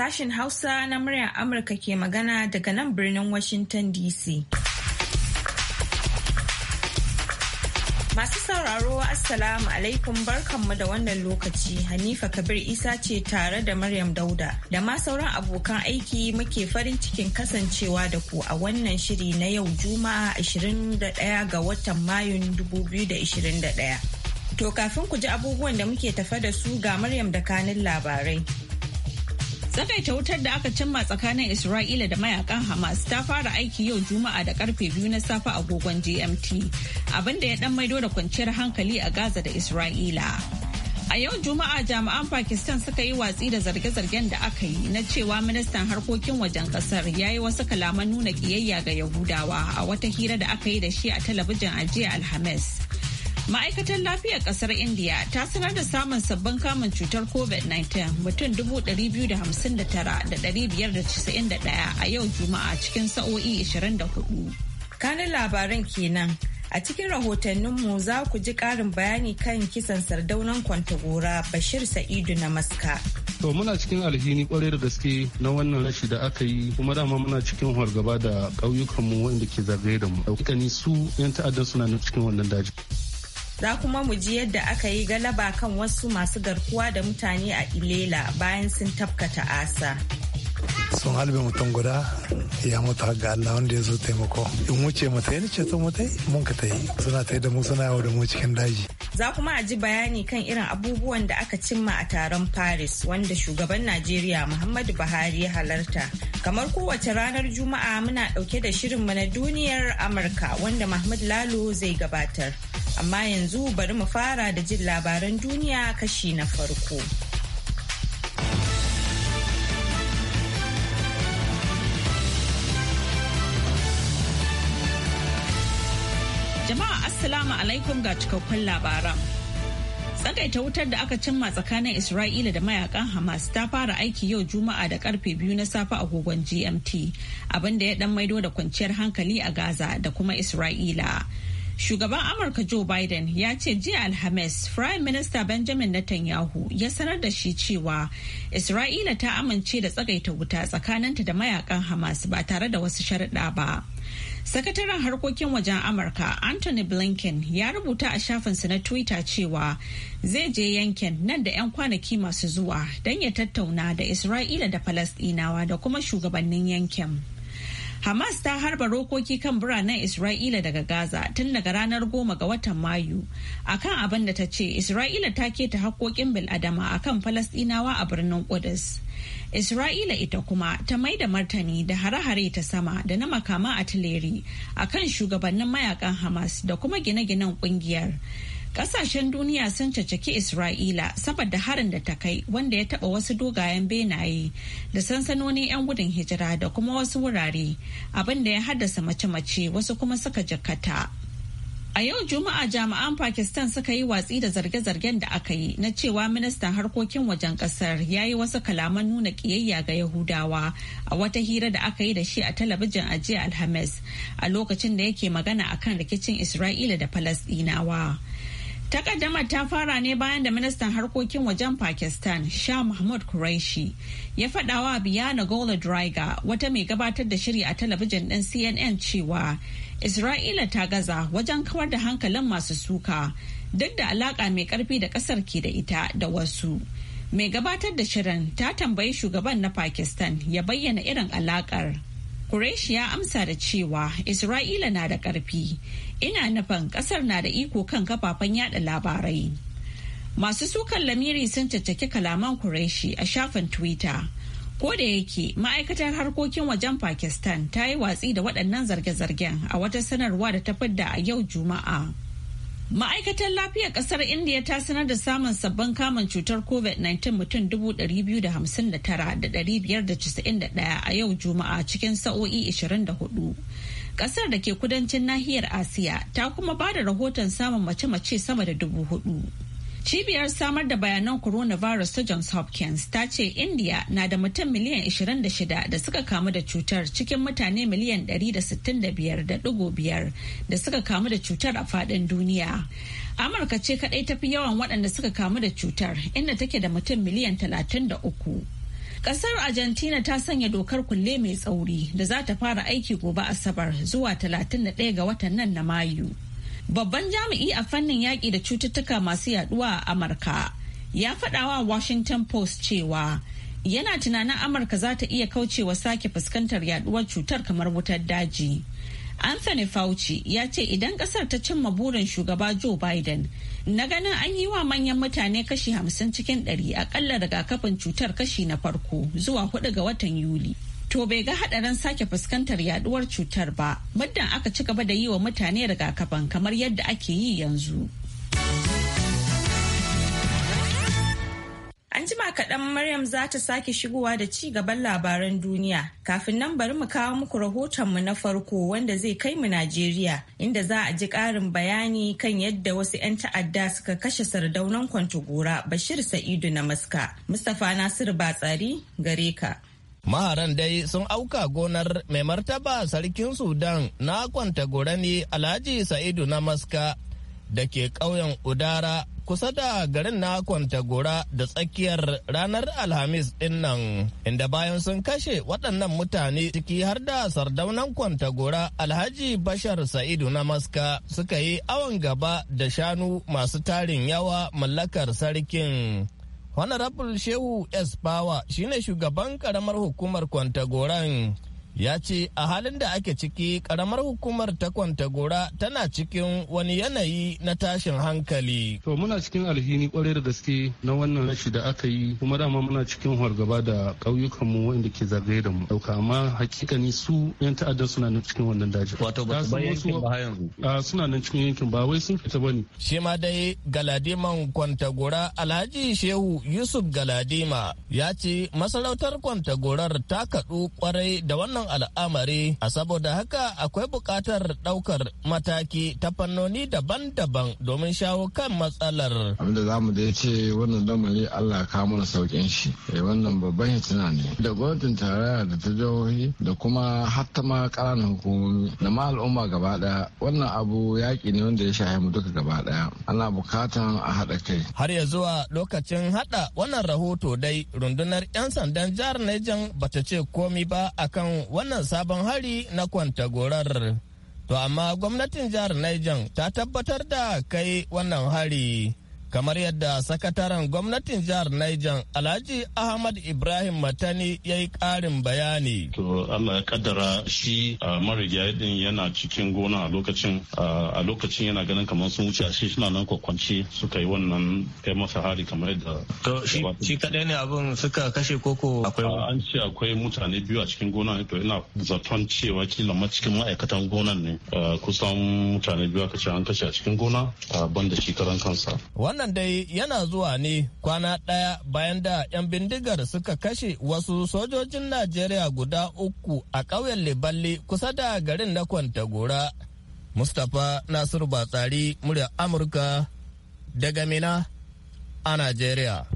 Sashen Hausa na muryar Amurka ke magana daga nan birnin Washington DC. Masu sauraro Assalamu alaikum barkanmu da wannan lokaci Hanifa Kabir Isa ce tare da Maryam Dauda da ma sauran abokan aiki muke farin cikin kasancewa da ku a wannan shiri na yau Juma'a 21 ga watan Mayun 2021. To kafin ku ji abubuwan da muke tafa da su ga Maryam da kanin labarai. Tsakaita wutar da aka cimma tsakanin Isra'ila da mayakan Hamas ta fara aiki yau Juma'a da karfe biyu na safe agogon GMT, abinda ya dan maido da kwanciyar hankali a Gaza da Isra'ila. A yau Juma'a jami'an Pakistan suka yi watsi da zarge-zargen da aka yi na cewa ministan harkokin wajen kasar ya yi wasu kalaman nuna kiyayya ga Yahudawa a wata hira da aka yi da shi a talabijin a jiya Alhamis. ma'aikatar lafiyar kasar india ta sanar da samun sabbin kamun cutar covid-19 mutum 259,591 a yau juma'a cikin sa'o'i 24 kanin labaran kenan a cikin rahotanninmu za ku ji karin bayani kan kisan sardaunan kwantagora bashir sa'idu na maska to muna cikin alhini kwarai da gaske na wannan rashi da aka yi kuma dama muna cikin hargaba da ƙauyukanmu wanda ke zagaye da mu ni su yan ta'addan suna cikin wannan daji za kuma mu ji yadda aka yi galaba kan wasu masu garkuwa da mutane a ilela bayan sun tafkata asa sun halbe mutum guda ya mutu ga Allah wanda ya zo taimako in wuce mata yana ce sun mutai mun ka tai suna tai da mu suna yawo da mu cikin daji za kuma a ji bayani kan irin abubuwan da aka cimma a taron paris wanda shugaban najeriya muhammadu buhari ya halarta kamar kowace ranar juma'a muna dauke da shirin na duniyar amurka wanda mahmud lalo zai gabatar Amma yanzu bari mu fara da jin labaran duniya kashi na farko. Jama'a Assalamu alaikum ga cikakkun labaran. Tsagaita wutar da aka cimma tsakanin Isra'ila da mayakan Hamas ta fara aiki yau Juma'a da karfe biyu na safe agogon GMT, abinda ya dan maido da kwanciyar hankali a Gaza da kuma Isra'ila. Shugaban Amurka Joe Biden ya ce jiya Alhamis, Prime Minister Benjamin Netanyahu ya sanar da shi cewa Isra'ila ta amince da tsagaita wuta tsakaninta da mayakan Hamas ba tare da wasu sharaɗa ba. Sakataren harkokin wajen Amurka Anthony Blinken ya rubuta a shafinsa na Twitter cewa zai je yankin nan da 'yan kwanaki masu zuwa don ya tattauna da Isra'ila da Falasɗinawa da kuma shugabannin yankin. Hamas ta harba rokoki kan biranen Isra'ila daga Gaza tun daga ranar goma ga watan Mayu akan abin da ta ce Isra'ila ta keta hakkokin bil'adama a kan Falasɗinawa a birnin Ƙudus. Isra'ila ita kuma ta mai da martani da hare-hare ta sama da na makama a tileri kan shugabannin mayakan Hamas da kuma gine-ginen ƙungiyar. Kasashen duniya sun caccaki Isra'ila saboda harin da ta kai wanda ya taba wasu dogayen benaye da sansanoni 'yan gudun hijira da kuma wasu wurare abinda ya haddasa mace-mace wasu kuma suka jakata. A yau Juma'a jami'an Pakistan suka yi watsi da zarge-zargen da aka yi na cewa ministan harkokin wajen kasar ya yi wasu kalaman nuna kiyayya ga Yahudawa a wata hira da aka yi da shi a talabijin a jiya Alhamis a lokacin da yake magana akan rikicin Isra'ila da Falasɗinawa. Takaddamar ta fara ne bayan da ministan harkokin wajen Pakistan Shah Mahmud Qureshi ya faɗawa Biyana Gola Driga wata mai gabatar da shiri a talabijin ɗin CNN cewa Isra'ila ta gaza wajen kawar da hankalin masu suka duk da alaƙa mai ƙarfi da ƙasar ke da ita da wasu. Mai gabatar da shirin ta tambayi shugaban na Pakistan ya bayyana irin alaƙar. Qureshi ya amsa da cewa Isra'ila na da ƙarfi ina nufin kasar na da iko kan kafafen yada labarai masu sukan lamiri sun caccaki kalaman kureshi a shafin twitter ko da yake ma'aikatar harkokin wajen pakistan ta yi watsi da waɗannan zarge-zargen a wata sanarwa da ta fidda a yau juma'a ma'aikatar lafiyar ƙasar india ta sanar da samun sabbin kamun cutar covid-19 mutum 259,591 a yau juma'a cikin sa'o'i 24 Kasar da ke kudancin nahiyar Asiya ta kuma ba da rahoton samun mace-mace sama da dubu hudu. Cibiyar samar da bayanan coronavirus ta Johns Hopkins ta ce India na da mutum miliyan 26 da suka kamu da cutar cikin mutane miliyan 165.5 da suka kamu da cutar a fadin duniya. Amurka ce kadai tafi yawan waɗanda suka kamu da cutar inda take da mutum miliyan 33. Kasar Argentina ta sanya dokar kulle mai tsauri da za ta fara aiki gobe Asabar zuwa 31 ga watan nan na Mayu. Babban jami'i a fannin yaƙi da cututtuka masu yaduwa a Amurka ya faɗawa Washington Post cewa yana tunanin Amurka za ta iya kaucewa sake fuskantar yaduwar cutar kamar wutar daji. Anthony Fauci ya ce idan ƙasar ta cimma burin shugaba Joe Biden na ganin an yi wa manyan mutane kashi hamsin cikin ɗari akalla rigakafin cutar kashi na farko zuwa hudu ga watan yuli to bai ga hadarin sake fuskantar yaduwar cutar ba muddin aka ci gaba da yi wa mutane rigakafin kamar yadda ake yi yanzu An jima kaɗan Maryam za ta sake shigowa da ci gaban labaran duniya. Kafin nan bari mu kawo muku mu na farko wanda zai kai mu Najeriya, inda za a ji ƙarin bayani kan yadda wasu 'yan ta'adda suka kashe sardaunan kwantogora Bashir Sa'idu na Maska. Mustapha Nasiru Batsari gare ka. maharan dai sun auka gonar mai martaba sarkin sudan na kwanta ne alhaji sa'idu na maska da ke ƙauyen udara kusa da garin na kwantagora da tsakiyar ranar alhamis dinnan. inda bayan sun kashe waɗannan mutane ciki har da sardaunan kwantagora alhaji bashar sa'idu na maska suka yi awon gaba da shanu masu tarin yawa mallakar sarkin honorable shehu s power shine shugaban ƙaramar hukumar kwantagoran ya ce a halin da ake ciki karamar hukumar ta kwantagora tana cikin wani yanayi na tashin hankali. To muna cikin alhini kwarai da gaske na wannan rashi da aka yi kuma dama muna cikin hargaba da ƙauyukanmu wanda ke zagaye da mu. Dauka amma hakikani su yan ta'addan suna nan cikin wannan dajin. Wato ba su yankin ba yanzu. Suna nan cikin yankin ba wai sun fita ba ne. Shi ma dai Galadiman kwantagora Alhaji Shehu Yusuf Galadima ya ce masarautar kwantagorar ta kaɗu kwarai da wannan wannan al'amari a saboda haka akwai bukatar ɗaukar mataki ta fannoni daban-daban domin shawo kan matsalar. Abinda za mu dai ce wannan lamari Allah ka mana sauƙin shi. Eh, wannan babban hitina ne. Da gwamnatin tarayya da ta jihohi da kuma hatta ma ƙananan hukumomi da ma al'umma gaba ɗaya wannan abu yaƙi ne wanda ya shahe mu duka gaba ɗaya. Ana bukatan a haɗa kai. Har ya zuwa lokacin haɗa wannan rahoto dai rundunar 'yan sandan jihar Niger bata ce komi ba akan wannan sabon hari na kwantagorar. To amma gwamnatin jihar Niger ta tabbatar da kai wannan hari kamar yadda sakataren gwamnatin jihar Niger Alhaji Ahmad Ibrahim Matani ya yi ƙarin bayani. To Allah ya kaddara shi a marigayi din yana cikin gona a lokacin a lokacin yana ganin kamar sun wuce shi suna nan kwakwance suka yi wannan kai masa hari kamar yadda. To shi kaɗai ne abin suka kashe koko akwai. An ce akwai mutane biyu a cikin gona to ina zaton cewa kila ma cikin ma'aikatan gonan ne kusan mutane biyu aka ce an kashe a cikin gona ban da shi karan kansa. Wannan dai yana zuwa ne kwana ɗaya bayan da 'yan bindigar suka kashe wasu sojojin Najeriya guda uku a ƙauyen leballe kusa da garin na Kwantagora. Mustapha Nasiru Batsari, murya Amurka daga Mina a Najeriya.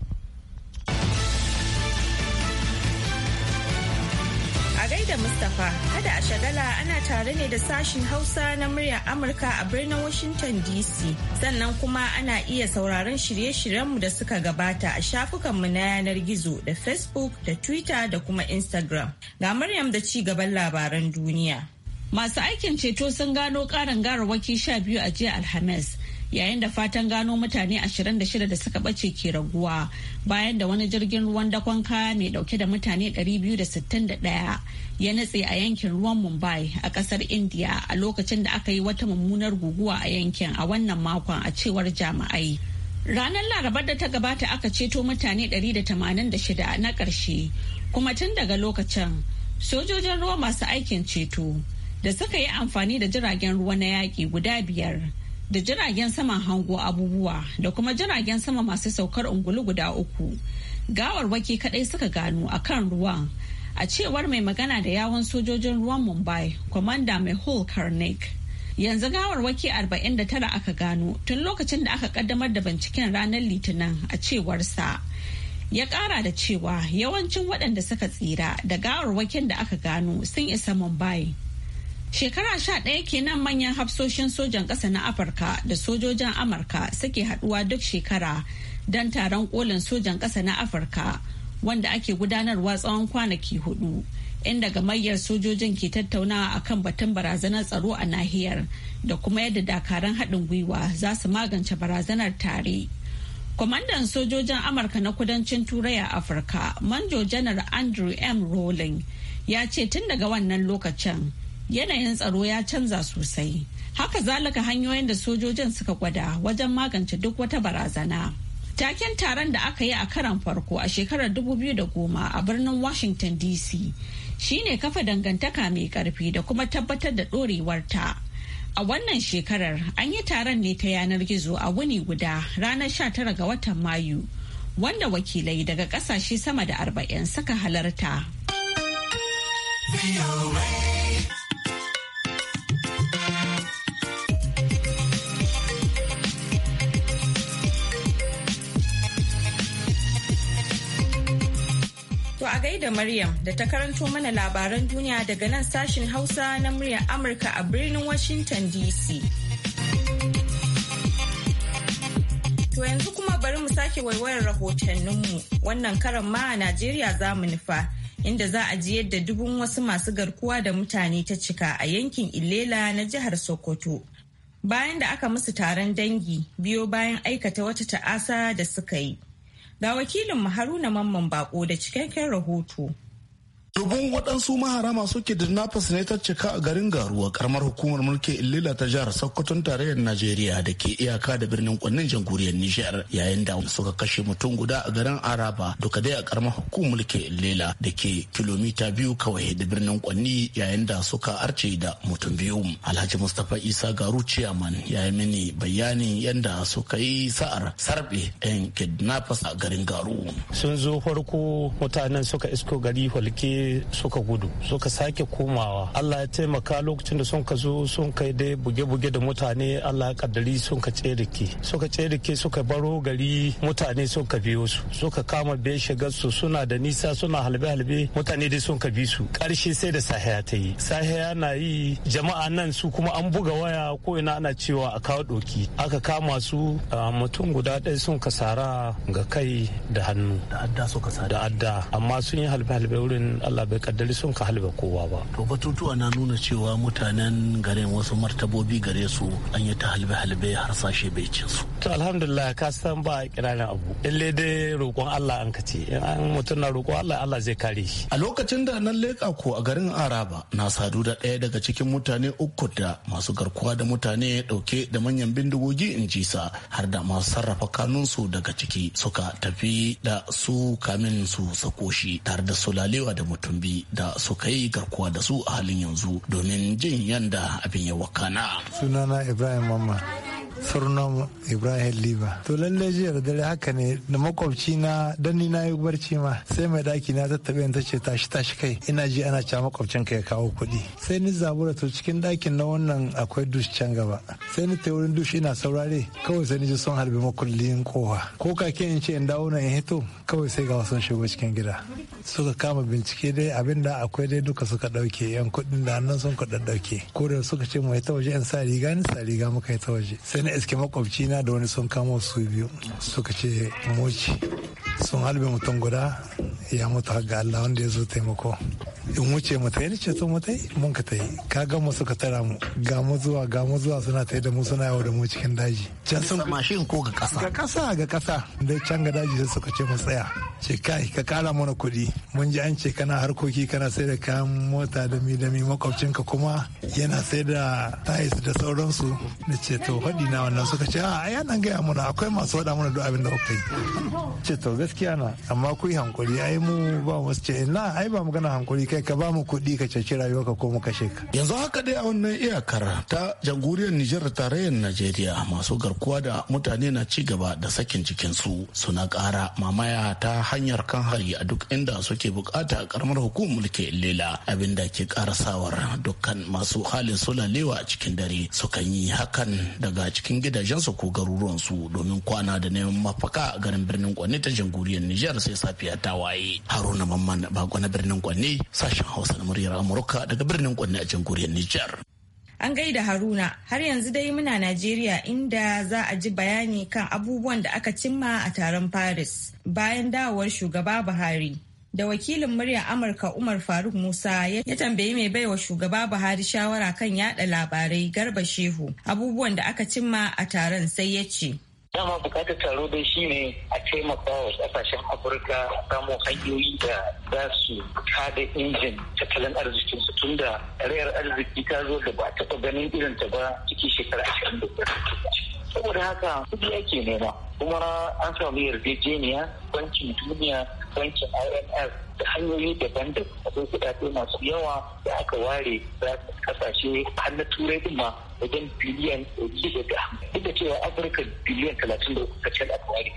a gaida Mustapha, kada a shagala ana tare ne da sashin Hausa na muryar Amurka a birnin Washington DC. Sannan kuma ana iya sauraron shirye-shiryenmu da suka gabata a shafukanmu na yanar gizo da Facebook da Twitter da kuma Instagram. Ga Maryam da ci gaban labaran duniya. Masu aikin ceto sun gano ƙarin garawaki sha biyu a jiya Alhamis. yayin da fatan gano mutane 26 da suka bace ke raguwa bayan da wani jirgin ruwan dakon kaya mai ɗauke da mutane 261 ya natse a yankin ruwan mumbai a kasar india a lokacin da aka yi wata mummunar guguwa a yankin a wannan makon a cewar jami'ai ranar larabar da ta gabata aka ceto mutane 186 na karshe kuma tun daga lokacin sojojin ruwa masu aikin ceto da suka yi amfani da jiragen ruwa na yaƙi guda biyar da jiragen saman hango abubuwa da kuma jiragen sama masu saukar ungulu guda uku gawar waki kadai suka gano a kan ruwan a cewar mai magana da yawon sojojin ruwan mumbai kwamanda mai hul karnik yanzu gawar da 49 aka gano tun lokacin da aka kaddamar da binciken ranar litinin a cewarsa ya kara da cewa yawancin waɗanda suka tsira da gawar wakin da aka gano sun isa mumbai Shekara sha ɗaya kenan manyan hafsoshin sojan ƙasa na Afirka da sojojin Amurka suke haɗuwa duk shekara don taron ƙolin sojan ƙasa na Afirka wanda ake gudanarwa tsawon kwanaki hudu. inda gamayyar sojojin ke tattaunawa a kan batun barazanar tsaro a nahiyar da kuma yadda dakaran haɗin gwiwa za su magance barazanar tare. kwamandan sojojin amurka na kudancin turai a afirka manjo janar andrew m rowling ya ce tun daga wannan lokacin yanayin tsaro ya canza sosai haka zalika hanyoyin da sojojin suka gwada wajen magance duk wata barazana taken taron da aka yi a karan farko a shekarar 2010 a birnin washington dc shine kafa dangantaka mai karfi da kuma tabbatar da ta. a wannan shekarar an yi taron ne ta yanar gizo a wuni guda ranar 19 ga watan mayu wanda wakilai daga kasashe sama da 40 suka halarta. da Maryam da ta karanto mana labaran duniya daga nan sashin Hausa na muryar Amurka a birnin Washington DC. To yanzu kuma bari mu sake waiwayar rahotanninmu wannan karan ma a Najeriya za mu nufa inda za a ji yadda dubun wasu masu garkuwa da mutane ta cika a yankin Ilela na jihar Sokoto. Bayan da aka musu taron dangi biyo bayan aikata wata ta'asa da suka yi. Ga wakilin mu Haruna Mamman Bako da cikakken rahoto. Dubun waɗansu maharama suke da nafas ne ta cika a garin Garuwa karamar hukumar mulki Illila ta jihar Sokoton tarayyar Najeriya da ke iyaka da birnin Kwannin jamhuriyar Nijar yayin da suka kashe mutum guda a garin Araba duka dai a karamar hukumar mulki Illila da ke kilomita biyu kawai da birnin Kwanni yayin da suka arce da mutum biyu. Alhaji Mustapha Isa Garu Ciyaman ya yi mini bayanin yadda suka yi sa'ar sarbe 'yan kidnappers a garin Garu. Sun zo farko mutanen suka isko gari holke suka gudu suka sake komawa allah ya taimaka lokacin da sun ka zo sun kai dai buge-buge da mutane allah ya kaddari sun ka tserike suka tserike suka baro gari mutane sun ka biyo su suka kama bai shigar su suna da nisa suna halbe-halbe mutane dai sun ka bi su karshe sai da sahiya ta yi sahiya na yi jama'a nan su kuma an buga waya ko ina ana cewa a kawo doki aka kama su mutum guda ɗaya sun ka sara ga kai da hannu da adda amma sun yi halbe-halbe wurin Allah bai kaddari sun ka halba kowa ba to batutuwa na nuna cewa mutanen garin wasu martabobi gare su an yi ta halbe halbe har sashe bai cin su to alhamdulillah ka san ba kiranin abu lalle dai roƙon Allah an kace in an mutum na roƙon Allah Allah zai kare shi a lokacin da nan leƙa ko a garin Araba na sadu da ɗaya daga cikin mutane uku da masu garkuwa da mutane ɗauke da manyan bindigogi in ji sa har da masu sarrafa kanunsu daga ciki suka tafi da su kamin su sako shi tare da sulalewa da mutum tumbi da suka yi garkuwa da su a halin yanzu domin jin yanda abin ya wakana sunana ibrahim mamman sunan ibrahim liba to lalle jiya da dare haka ne da makwabci na dan ni yi barci ma sai mai daki na ta tabe ta ce tashi tashi kai ina ji ana cewa makwabcin ka ya kawo kuɗi sai ni zabura to cikin dakin na wannan akwai dush can gaba sai ni ta wurin dush ina saurare kawai sai ni ji sun harbi makullin kowa ko kake in ce in dawo na in hito kawai sai ga wasan shigo cikin gida suka kama bincike dai abinda akwai dai duka suka dauke yan kuɗin da nan sun ka dauke ko da suka ce mu ta waje in sa riga ni sa riga muka ta waje sai iske makwabci na da wani sun kama su biyu suka ce moci sun halbe mutum guda ya mutu ga Allah wanda ya zo taimako in wuce mu tai ce so mu mun ka tai ka ga mu suka tara mu ga mu zuwa ga mu zuwa suna tai da mu suna yawo da mu cikin daji can sun mashin ko ga kasa ga kasa ga kasa da can ga daji sai suka ce mu tsaya ce kai ka kara mana kuɗi mun ji an ce kana harkoki kana sai da kayan mota da mi da mi makwabcinka kuma yana sai da tayis da sauransu da ce to faɗi na wannan suka ce a ya nan gaya mana akwai masu faɗa mana duk abin da kuka yi ce to gaskiya na amma ku yi hankuri ai mu ba mu ce ina ai ba magana hankuri kai ka ba mu kuɗi ka ceci rayuwarka ko mu kashe ka yanzu haka dai a wannan iyakar ta jamhuriyar Nijar tarayyar Najeriya masu garkuwa da mutane na ci gaba da sakin su suna ƙara mamaya ta hanyar kan hari a duk inda suke bukata a karamar hukumar ke lela abinda ke sawar dukkan masu halin sulalewa a cikin dare sukan yi hakan daga cikin gidajensu ko garuruwansu domin kwana da neman mafaka a garin birnin kwanne ta jamhuriyar Nijar sai safiya ta waye Haruna Mamman Bako na birnin kwanne sashen Hausa na muryar Amurka daga birnin Kwanne a jamhuriyar Nijar. An gaida Haruna har yanzu dai muna Najeriya inda za a ji bayani kan abubuwan da aka cimma a taron Paris bayan dawowar shugaba Buhari. Da wakilin murya Amurka Umar Faruk Musa ya tambayi mai baiwa shugaba Buhari shawara kan yada labarai Garba Shehu abubuwan da aka cimma a taron sai ya ce. dama bukatar taro dai ne a taimaka wa kasashen afirka samu hanyoyi da za su kada injin tattalin arzikin su tunda rayar arziki ta zo da ba taɓa ganin irin ta ba ciki shekara ashirin da saboda haka kudi ake nema kuma an samu yarjejeniya bankin duniya bankin IMF da hanyoyi daban-daban akwai kudade masu yawa da aka ware za kasashe har na turai din ma wajen biliyan ɗari da hamsin duk da cewa Afirka biliyan talatin da uku kacal aka ware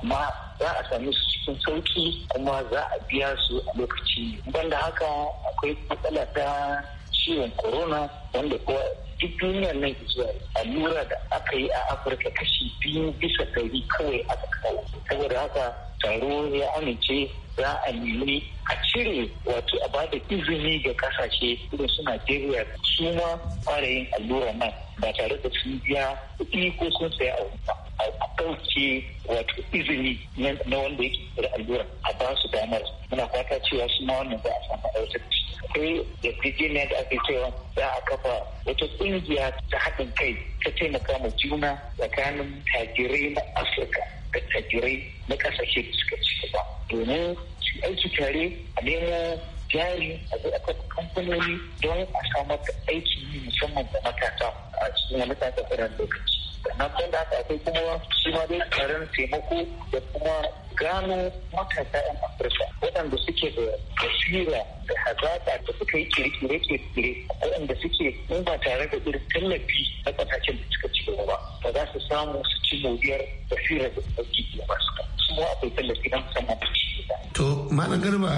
kuma za a same su cikin sauki kuma za a biya su a lokaci banda haka akwai matsala ta ciwon corona wanda kowa duk duniyar nan zuwa allura da aka yi a afirka kashi biyu bisa ɗari kawai aka kawo saboda haka taro ya amince za a nemi a cire wato a bada izini ga kasashe irin su Najeriya su ma fara yin allura nan ba tare da sun biya kuɗi ko sun saya a ba. A ɗauke wato izini na wanda yake da allura a ba su damar muna fata cewa su ma wannan za a samu ɗaukar akwai yarjejeniya da ake cewa za a kafa wata ƙungiya ta haɗin kai ta taimaka ma juna tsakanin tajirai na Afirka da tajirai na kasashe da suka ci ba domin su aiki tare a nemo jari a zai kamfanoni don a samar da aiki musamman da matasa a cikin wani tsakasarar lokaci nan ban da aka akwai kuma shi ma dai karen taimako da kuma gano matasa 'yan afirka waɗanda suke da basira da hazaƙa da suka yi kirkire-kirkire waɗanda suke in ba tare da irin tallafi na ƙasashen da suka ci gaba ba ba za su samu su ci moriyar basirar da suka yi ba su su ma akwai tallafi na musamman da To Malam Garba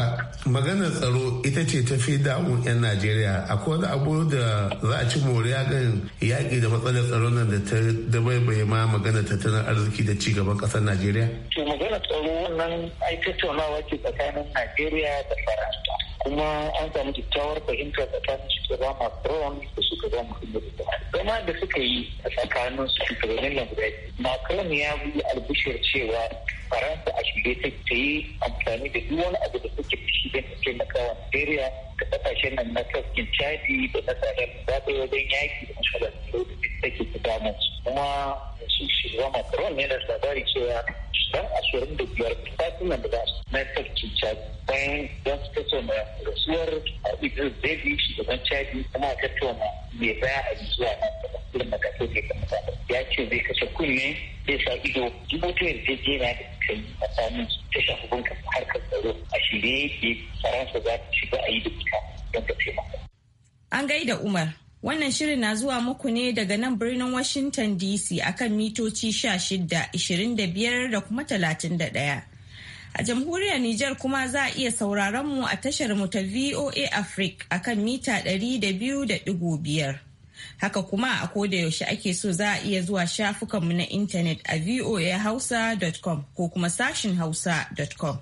maganar tsaro ita ce ta fi damun 'yan Najeriya akwai wani abu da za a ci moriya gan yaƙi da matsalar tsaron nan da ta dabaibaye ma magana tattalin arziki da ci gaban ƙasar Najeriya? To magana tsaro wannan ai tattaunawa ce tsakanin Najeriya da Faransa. Kuma an samu kyakkyawar fahimtar tsakanin shugaba Macron da shugaba Muhammadu Zama da suka yi a tsakanin su shugabannin nan guda Macron ya bi albishir cewa faransa a shirye ta ta yi amfani da duk wani abu da suke da shi don ta taimaka wa najeriya da kasashen nan na tafkin chadi da na sadar zaɓe wajen yaƙi da mashalar da take ta damun kuma su shirya macron yana labari cewa dan ashirin da biyar fatunan da ta su na tafkin chadi bayan don su tattauna rasuwar idris davis shugaban chadi kuma tattauna mai baya a yi zuwa nan irin makasudi da mutane ya ce zai kashe kunne zai sa ido jibotu jera da suka yi tsakanin ta shafi bunƙasa harkar tsaro a shirye yake faransa za ta shiga a yi da ita don ta taimaka. an gaida umar Wannan shirin na zuwa muku ne daga nan birnin Washington DC akan mitoci 16, 25 da kuma 31. A jamhuriyar Nijar kuma za a iya sauraron mu a tashar mu ta VOA Africa akan mita 200.5. Haka kuma a koda yaushe ake so za a iya zuwa shafukanmu na intanet a voahausa.com ko kuma sashin hausa.com.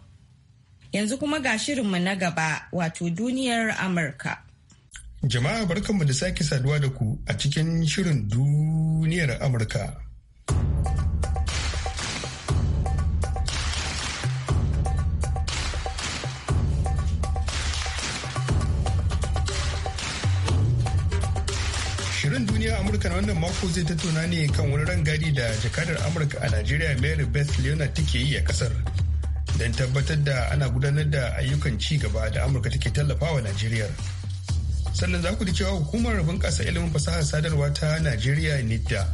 Yanzu kuma ga shirinmu na gaba wato duniyar Amurka. Jama'a barkanmu da sake saduwa da ku a cikin shirin duniyar Amurka. amurka na wannan mako zai tattauna ne kan wani rangadi da jakadar amurka a najeriya mary beth leonard take yi a kasar don tabbatar da ana gudanar da ayyukan ci gaba da amurka take tallafawa najeriya sannan za ku ji cewa hukumar bunƙasa ilimin fasahar sadarwa ta najeriya nidda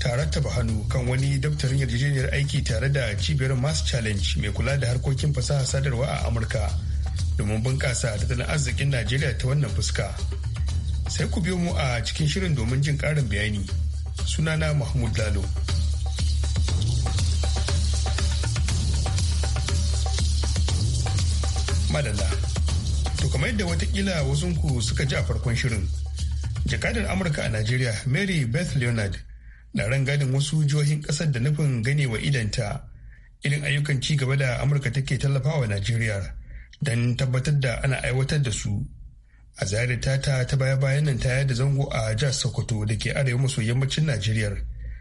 ta rattaba hannu kan wani daftarin yarjejeniyar aiki tare da cibiyar mass challenge mai kula da harkokin fasahar sadarwa a amurka domin bunƙasa tattalin arzikin najeriya ta wannan fuska. sai ku biyo mu a cikin shirin domin jin ƙarin bayani sunana mahmud lalo madalla to kamar yadda watakila wasunku suka ji a farkon shirin jakadar amurka a nigeria mary beth leonard na rangadin wasu jihohin kasar da nufin gane wa idanta irin ayyukan ci gaba da amurka take tallafawa nigeria don tabbatar da ana aiwatar da su a ziyarar tata ta baya-bayan nan ta yada zango a jihar sokoto da ke arewa maso yammacin najeriya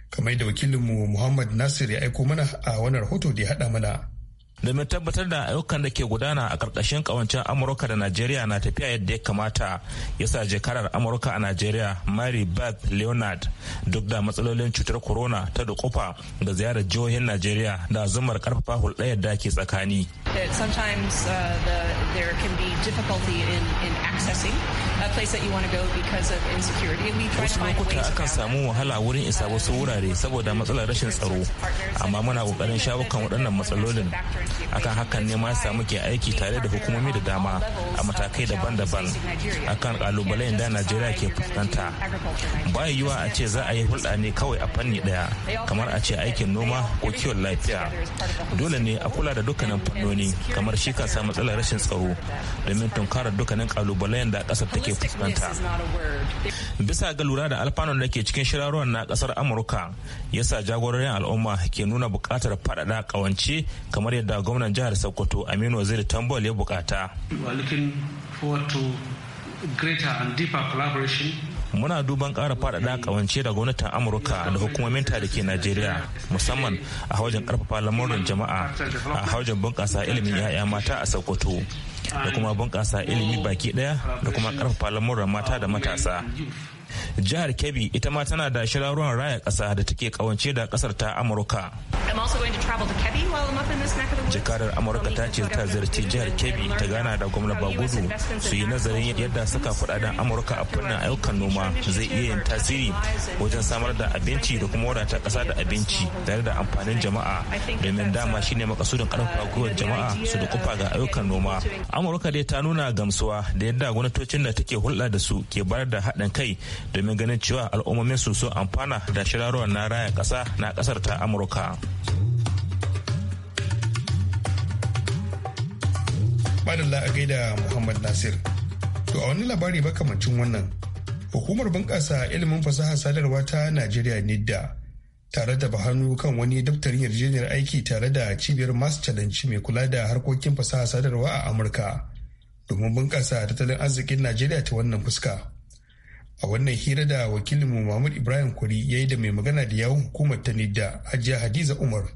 kamar da wakilinmu muhammad nasir ya aiko mana a wani rahoto da ya haɗa mana domin tabbatar da ayyukan da ke gudana a ƙarƙashin ƙawancen amurka da najeriya na tafiya yadda ya kamata ya sa jekarar amurka a najeriya mary beth leonard duk da matsalolin cutar corona ta dukufa ga ziyarar jihohin najeriya da zumar karfafa hulɗayar da ke tsakani uh, wasu lokuta akan samu wahala wurin isa wasu wurare saboda matsalar rashin tsaro amma muna ƙoƙarin shawo kan waɗannan matsalolin akan hakan ne ma samu ke aiki tare da hukumomi da dama a matakai daban-daban akan kalubalai da najeriya ke fuskanta ba yiwuwa a ce za a yi hulɗa ne kawai a fanni ɗaya kamar a ce aikin noma ko kiwon lafiya dole ne a kula da dukkanin fannoni kamar shi samu matsalar rashin tsaro domin tunkarar dukkanin kalubalen da ƙasar take fuskanta bisa ga lura da alfanun da ke cikin shirarwar na kasar amurka yasa jagororin al'umma ke nuna buƙatar faɗaɗa ƙawance kamar yadda da gwamnan jihar sokoto aminu waziri tambol ya bukata muna duban ƙara faɗaɗa ƙawance da gwamnatin amurka da hukumomin da ke najeriya musamman a haujin ƙarfafa lamurin jama'a a haujin bunƙasa ilimin 'ya'ya mata a sokoto da kuma bunƙasa ilimi baki ɗaya da kuma ƙarfafa lamuran mata da matasa jihar kebbi ita ma tana da shirarruwan raya kasa da take kawance da ƙasar ta amurka Jakarar Amurka ta ce ta ziyarci jihar Kebbi ta gana da gwamna Bagudu su yi nazarin yadda saka kudaden Amurka a fannin ayyukan noma zai iya yin tasiri wajen samar da abinci da kuma wadata kasa da abinci tare da amfanin jama'a domin dama uh, shine makasudin karfafa uh, gwiwar jama'a su da kufa ga ayyukan noma. Amurka dai ta nuna gamsuwa da yadda gwamnatocin da take hulɗa da su ke bayar da haɗin kai domin ganin cewa al'ummomin su sun amfana da shirarwar na raya ƙasa na ƙasar ta Amurka. Madalla a gaida Muhammad Nasir. To a wani labari makamancin wannan, hukumar bunƙasa ilimin fasaha sadarwa ta Najeriya NIDDA tare da bahanu kan wani daftarin yarjejeniyar aiki tare da cibiyar masu challenge mai kula da harkokin fasaha sadarwa a Amurka domin bunƙasa tattalin arzikin Najeriya ta wannan fuska. a wannan hira da wakilinmu Muhammad Ibrahim Kuri ya yi da mai magana da yawun hukumar ta Nidda Hajiya Hadiza Umar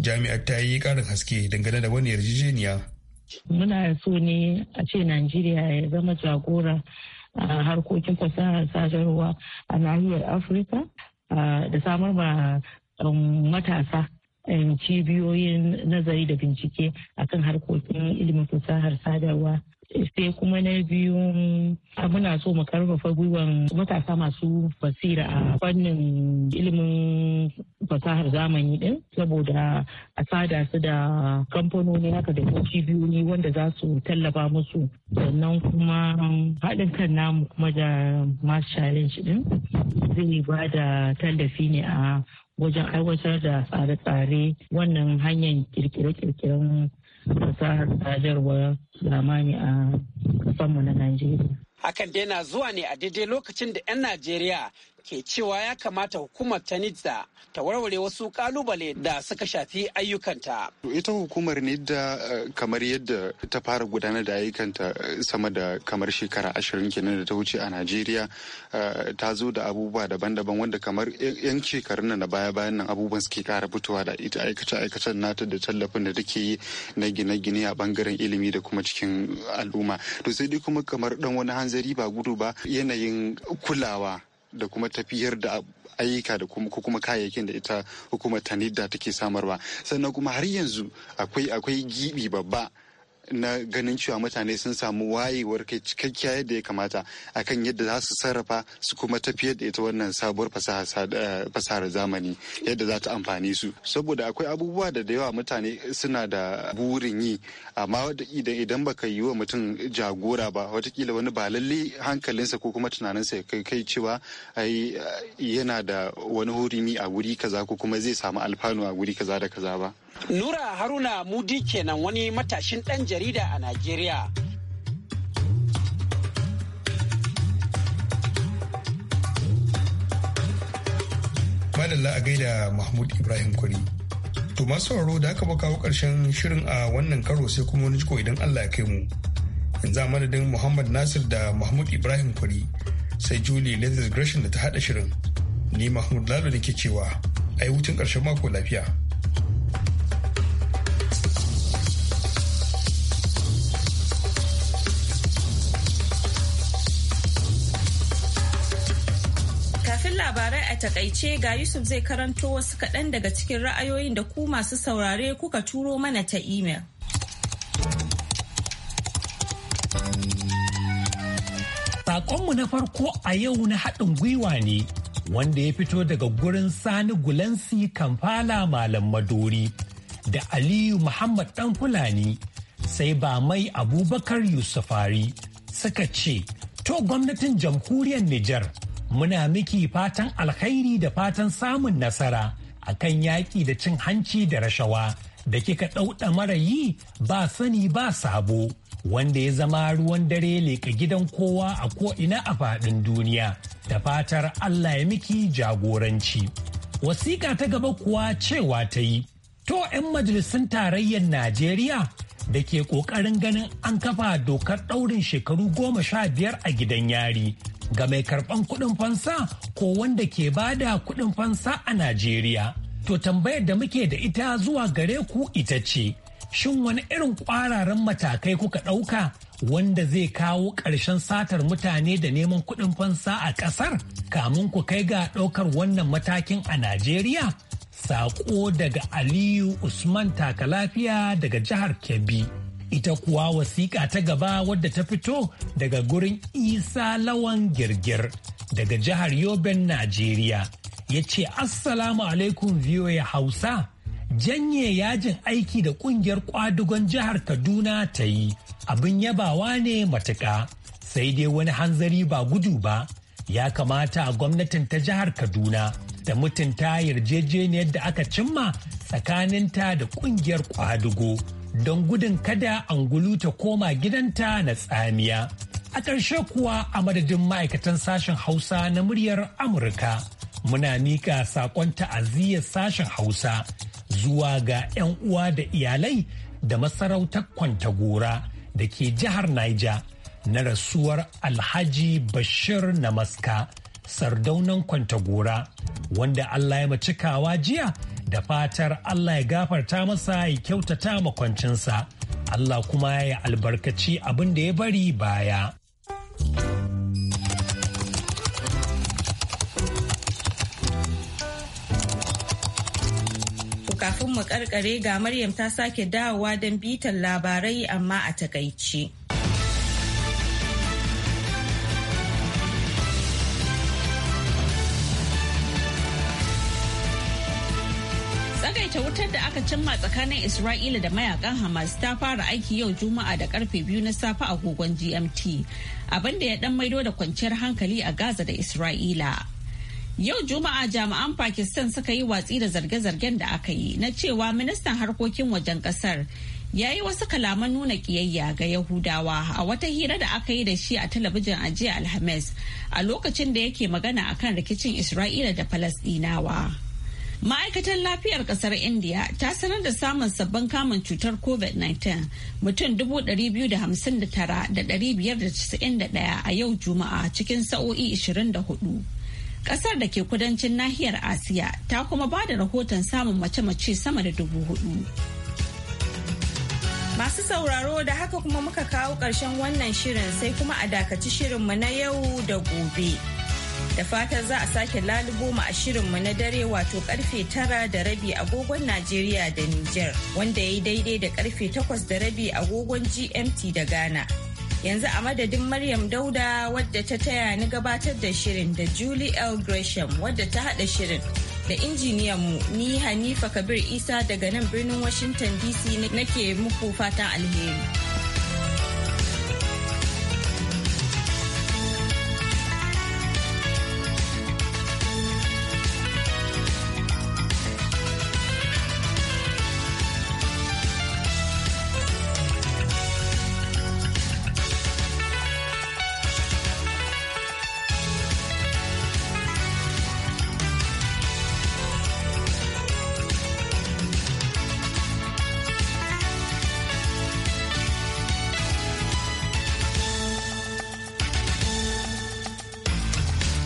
jami'ar ta yi karin haske dangane da wani yarjejeniya. Muna so ne a ce Najeriya ya zama jagora a harkokin fasahar sadarwa a nahiyar Afirka da samar ma um, matasa um, cibiyoyin nazari da bincike akan harkokin ilimin fasahar sadarwa sai kuma na biyu muna so mu karfafa gwiwan matasa masu basira a fannin ilimin fasahar zamani din saboda a sada su da kamfanoni haka da cibiyoyi wanda za su tallafa musu sannan kuma haɗin kan namu kuma da masu challenge din zai ba da tallafi ne a wajen aiwatar da tsare-tsare wannan hanyar kirkire-kirkiren fasahar sadarwa zamani a kasanmu na Najeriya. Hakan dai na zuwa ne a daidai lokacin da 'yan Najeriya ke cewa ya kamata hukumar ta nidda ta warware wasu kalubale da suka shafi ayyukanta. Ita hukumar nidda eh, kamar yadda ta fara gudanar da ayyukanta eh, sama da kamar shekara ashirin kenan da ta wuce a Najeriya eh, ta zo da abubuwa daban-daban wanda kamar yan shekarun na baya-bayan nan abubuwan suke kara fitowa da ita aikace-aikacen nata da tallafin da take yi na gine-gine a bangaren ilimi da kuma cikin al'umma. To sai dai kuma kamar dan wani hanzari ba gudu ba yanayin kulawa da kuma tafiyar da ayyuka da kuma ko kuma kayayyakin da ita hukumar tanida take samarwa sannan kuma har yanzu akwai akwai gibi babba na ganin cewa mutane sun samu wayewar kai cikakkiya yadda ya kamata akan yadda za su sarrafa su kuma tafiyar da ita wannan sabuwar eh, fasahar zamani yadda za ta amfani su saboda akwai abubuwa da da yawa mutane suna da burin yi amma idan baka yi wa mutum jagora ba watakila wani ba lalle hankalinsa ko kuma tunaninsa ya kai cewa ai eh, yana da wani hurumi a wuri kaza ko kuma zai samu alfanu a wuri kaza da kaza ba Nura Haruna Mudi kenan wani matashin ɗan jarida a Najeriya. Madalla a gaida Mahmud Ibrahim Kwari. To masu sauraro da aka kawo ƙarshen shirin a wannan karo sai kuma wani jiko idan Allah ya kai mu. Yanzu a madadin Muhammad Nasir da Mahmud Ibrahim Kwari sai Juli Lathis Gresham da ta haɗa shirin. Ni Mahmud Lalo ne ke cewa, yi wucin ƙarshen mako lafiya. a takaice ga Yusuf zai karanto wasu kaɗan daga cikin ra'ayoyin da ku masu saurare kuka turo mana ta imel. Saƙonmu na farko a yau na haɗin gwiwa ne wanda ya fito daga gurin Sani Gulansi Kamfala Malam Madori da Aliyu Muhammad Ɗan Fulani sai ba mai Abubakar Yusufari suka ce, To gwamnatin jamhuriyar Nijar. muna miki fatan alkhairi da fatan samun nasara a kan yaƙi da cin hanci da rashawa da kika ɗauɗa mara yi ba sani ba sabo wanda ya zama ruwan dare leƙa gidan kowa a ko'ina a faɗin duniya da fatar Allah ya miki jagoranci. Wasiƙa ta gaba kuwa cewa ta yi, to 'yan majalisun tarayyar Najeriya da ke ƙoƙarin ganin an kafa dokar ɗaurin shekaru goma sha biyar a gidan yari ga mai karban kudin fansa ko wanda ke bada kudin fansa a Najeriya. To tambayar da muke da ita zuwa gare ku ita ce, shin wani irin ƙwararan matakai kuka ɗauka wanda zai kawo ƙarshen satar mutane da neman kudin fansa a ƙasar kamun ku kai ga ɗaukar wannan matakin a Najeriya? Sako daga Aliyu Usman Takalafiya daga jihar Kebbi. ita kuwa wasiƙa ta gaba wadda ta fito daga gurin isa lawan girgir daga jihar yoben najeriya ya ce assalamu alaikum ya hausa janye yajin aiki da kungiyar kwadugon jihar kaduna ta yi abin yabawa ne matuƙa sai dai wani hanzari ba gudu ba ya kamata a gwamnatin ta jihar kaduna da mutunta yarjejeniyar da aka cimma tsakaninta da kungiyar kwadugo don gudun kada angulu ta koma gidanta na tsamiya. A ƙarshe kuwa a madadin ma'aikatan sashen Hausa na muryar Amurka, muna mika saƙon ta'aziyyar sashen Hausa zuwa ga 'yan uwa da iyalai da masarautar Kwantagora da ke jihar Niger na rasuwar Alhaji Bashir Namaska, sardaunan Kwantagora, wanda Allah ya cikawa jiya da fatar Allah ya gafarta masa ya kyautata makwancinsa Allah kuma ya albarkaci abin da ya bari baya. Kafin mu karkare ga Maryam ta sake dawowa don bitan labarai amma a takaici. tsagaita wutar da aka cimma tsakanin Isra'ila da mayakan Hamas ta fara aiki yau Juma'a da karfe biyu na safe agogon GMT, abinda ya dan maido da kwanciyar hankali a Gaza da Isra'ila. Yau Juma'a jami'an Pakistan suka yi watsi da zarge-zargen da aka yi na cewa ministan harkokin wajen kasar ya yi wasu kalaman nuna kiyayya ga Yahudawa a wata hira da aka yi da shi a talabijin a jiya Alhamis a lokacin da yake magana akan rikicin Isra'ila da Falasdinawa. Ma'aikatar lafiyar kasar India ta sanar da samun sabbin kamun cutar COVID-19 mutum 259,591 a yau Juma'a cikin sa'o'i 24. Kasar da ke kudancin nahiyar Asiya ta kuma ba da rahoton samun mace-mace sama da dubu hudu. Masu sauraro da haka kuma muka kawo ƙarshen wannan shirin sai kuma a dakaci shirinmu na yau da gobe. da fatan za a sake lalubo mu a shirin mu na dare wato karfe tara da rabi agogon Najeriya da Nijar wanda ya yi daidai da karfe takwas da rabi agogon GMT da Ghana. Yanzu a madadin Maryam Dauda wadda ta taya ni gabatar da shirin da Julie L. Gresham wadda ta haɗa shirin da injiniyan mu ni Hanifa Kabir Isa daga nan birnin Washington DC nake muku fatan alheri.